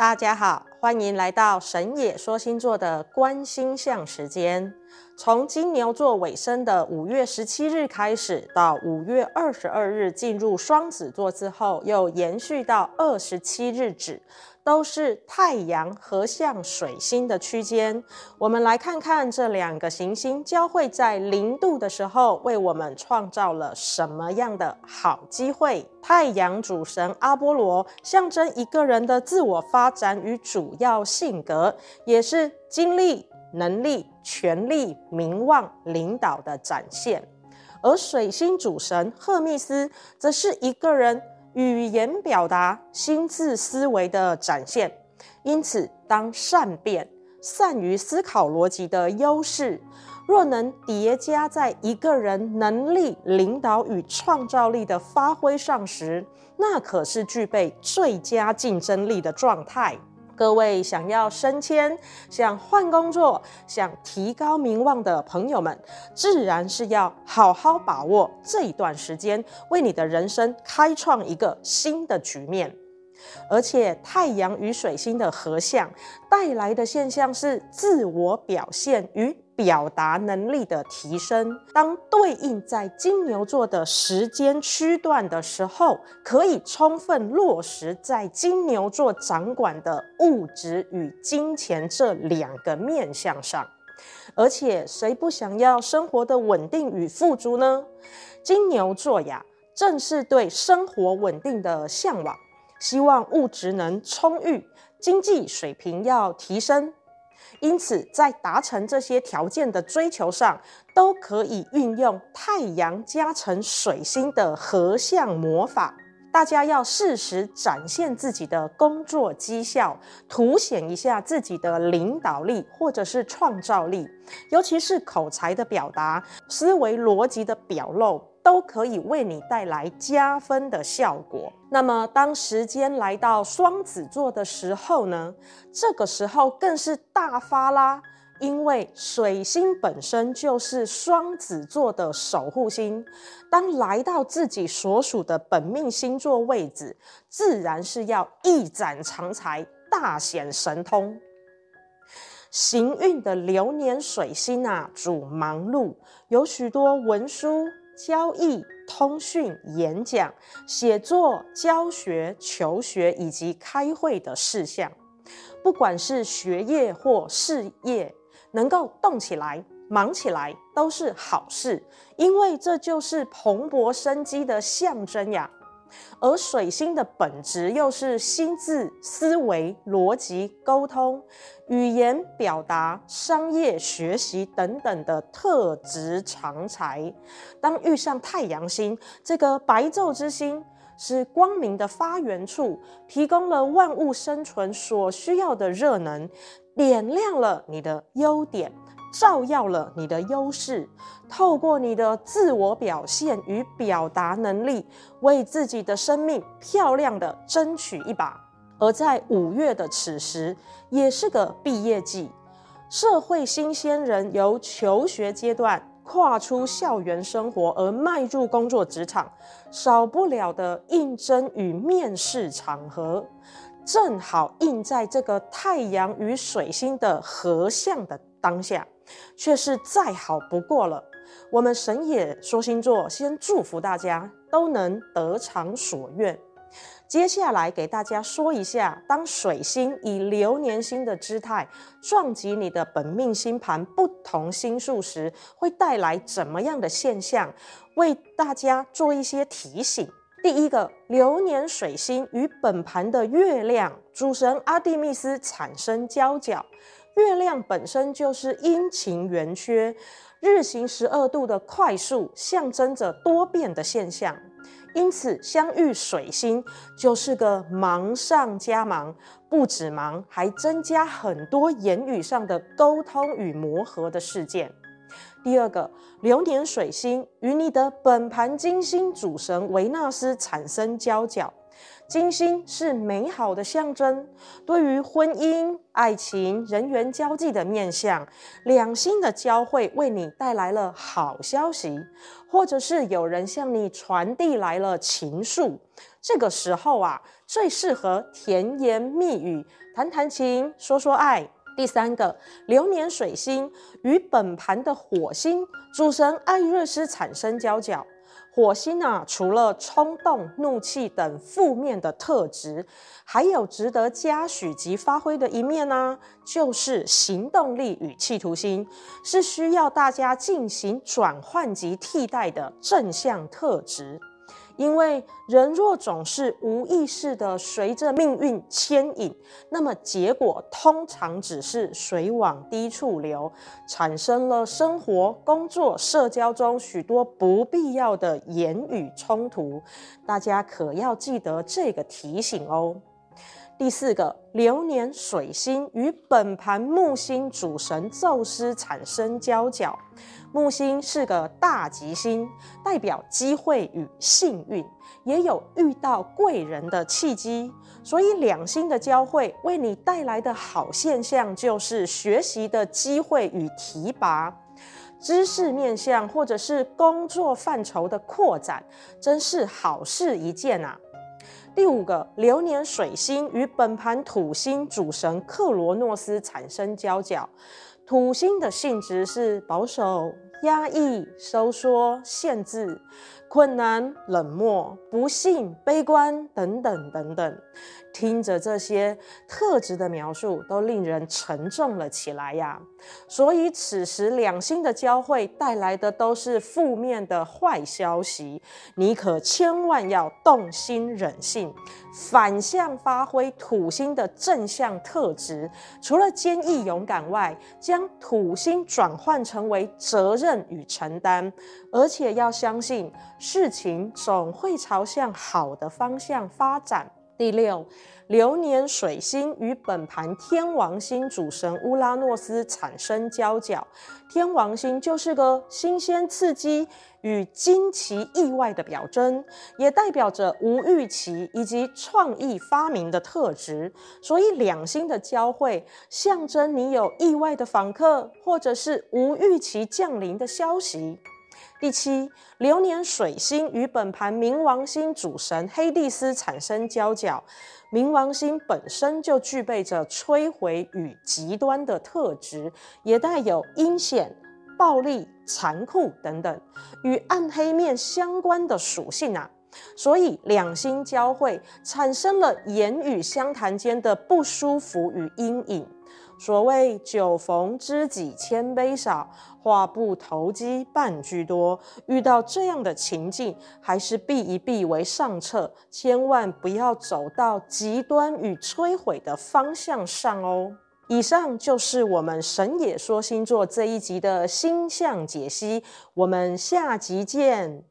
大家好，歡迎來到神野說星座的觀星象時間。從金牛座尾聲的五月十七日開始，到五月二十二日進入雙子座之後，又延續到二十七日止，都是太陽合相水星的區間，我們來看看這兩個行星交會在零度的時候，為我們創造了什麼樣的好機會。太陽主神阿波羅象徵一個人的自我發展與主要性格，也是精力、能力、權力、名望、領導的展現；而水星主神赫密斯則是一個人，語言表達、心智思維的展現，因此，當善變、善於思考邏輯的優勢，若能疊加在一個人能力、領導與創造力的發揮上時，那可是具備最佳競爭力的狀態。各位想要升遷、想換工作、想提高名望的朋友們，自然是要好好把握這一段時間，為你的人生開創一個新的局面。而且太陽與水星的合相帶來的現象是自我表現與表達能力的提升。當對應在金牛座的時間區段的時候，可以充分落實在金牛座掌管的物質與金錢這兩個面向上。而且，誰不想要生活的穩定與富足呢？金牛座呀，正是對生活穩定的向往。希望物質能充裕，經濟水平要提升，因此在達成這些條件的追求上，都可以運用太陽加成水星的合相魔法。大家要適時展現自己的工作績效，凸顯一下自己的領導力或者是創造力，尤其是口才的表達、思維邏輯的表露。都可以為你帶來加分的效果。那麼，當時間來到雙子座的時候呢？這個時候更是大發啦！因為水星本身就是雙子座的守護星，當來到自己所屬的本命星座位置，自然是要一展長才，大顯神通。行運的流年水星啊，主忙碌，有許多文書。交易、通訊、演講、寫作、教學、求學以及開會的事項，不管是學業或事業，能夠動起來、忙起來都是好事，因為這就是蓬勃生機的象徵呀。而水星的本質又是心智、思維、邏輯、溝通、語言表達、商業、學習等等的特質長才。當遇上太陽星，這個白晝之星，是光明的發源處，提供了萬物生存所需要的熱能，點亮了你的優點。照耀了你的優勢，透過你的自我表現與表達能力，為自己的生命漂亮的爭取一把。而在五月的此時，也是個畢業季，社會新鮮人由求學階段跨出校園生活而邁入工作職場，少不了的應徵與面試場合，正好印在這個太陽與水星的合相的當下。卻是再好不過了。我們神野說星座先祝福大家都能得償所願。接下來給大家說一下，當水星以流年星的姿態撞擊你的本命星盤不同星宿時，會帶來怎麼樣的現象，為大家做一些提醒。第一個，流年水星與本盤的月亮主神阿蒂密斯產生交角。月亮本身就是陰晴圓缺，日行十二度的快速象徵着多變的現象。因此，相遇水星就是個忙上加忙，不止忙，還增加很多言語上的溝通與磨合的事件。第二個，流年水星與你的本盤金星主神維納斯產生交角。金星是美好的象徵，對於婚姻、愛情、人緣交際的面向，兩星的交匯為你帶來了好消息，或者是有人向你傳遞來了情愫。這個時候啊，最適合甜言蜜語，談談情，說說愛。第三個，流年水星與本盤的火星主神艾瑞斯產生交角。火星啊，除了衝動、怒氣等負面的特質，還有值得嘉許及發揮的一面呢、啊，就是行動力與企圖心，是需要大家進行轉換及替代的正向特質。因為人若總是無意識地隨着命運牽引，那麼結果通常只是水往低處流，產生了生活、工作、社交中許多不必要的言語衝突。大家可要記得這個提醒哦。第四個流年水星與本盤木星主神宙斯產生交角，木星是個大吉星，代表機會與幸運，也有遇到貴人的契機。所以兩星的交會為你帶來的好現象，就是學習的機會與提拔，知識面向或者是工作範疇的擴展，真是好事一件啊！第五個流年水星與本盤土星主神克羅諾斯產生交角，土星的性質是保守、壓抑、收縮、限制。困難、冷漠、不幸、悲觀等等等等，聽着這些特質的描述，都令人沉重了起來呀、啊。所以此時兩星的交匯帶來的都是負面的壞消息，你可千萬要動心忍性，反向發揮土星的正向特質，除了堅毅勇敢外，將土星轉換成為責任與承擔，而且要相信。事情總會朝向好的方向發展。第六，流年水星與本盤天王星主神烏拉諾斯產生交角。天王星就是個新鮮刺激與驚奇意外的表徵，也代表着無預期以及創意發明的特質。所以兩星的交匯象徵你有意外的訪客，或者是無預期降臨的消息。第七，流年水星與本盤冥王星主神黑帝斯產生交角。冥王星本身就具備着摧毀與極端的特質，也帶有陰險、暴力、殘酷等等與暗黑面相關的屬性啊。所以兩星交匯，產生了言語相談間的不舒服與陰影。所謂酒逢知己千杯少。話不投機半句多，遇到這樣的情境，還是避一避為上策，千萬不要走到極端與摧毀的方向上哦。以上就是我們神野說星座這一集的星象解析，我們下集見。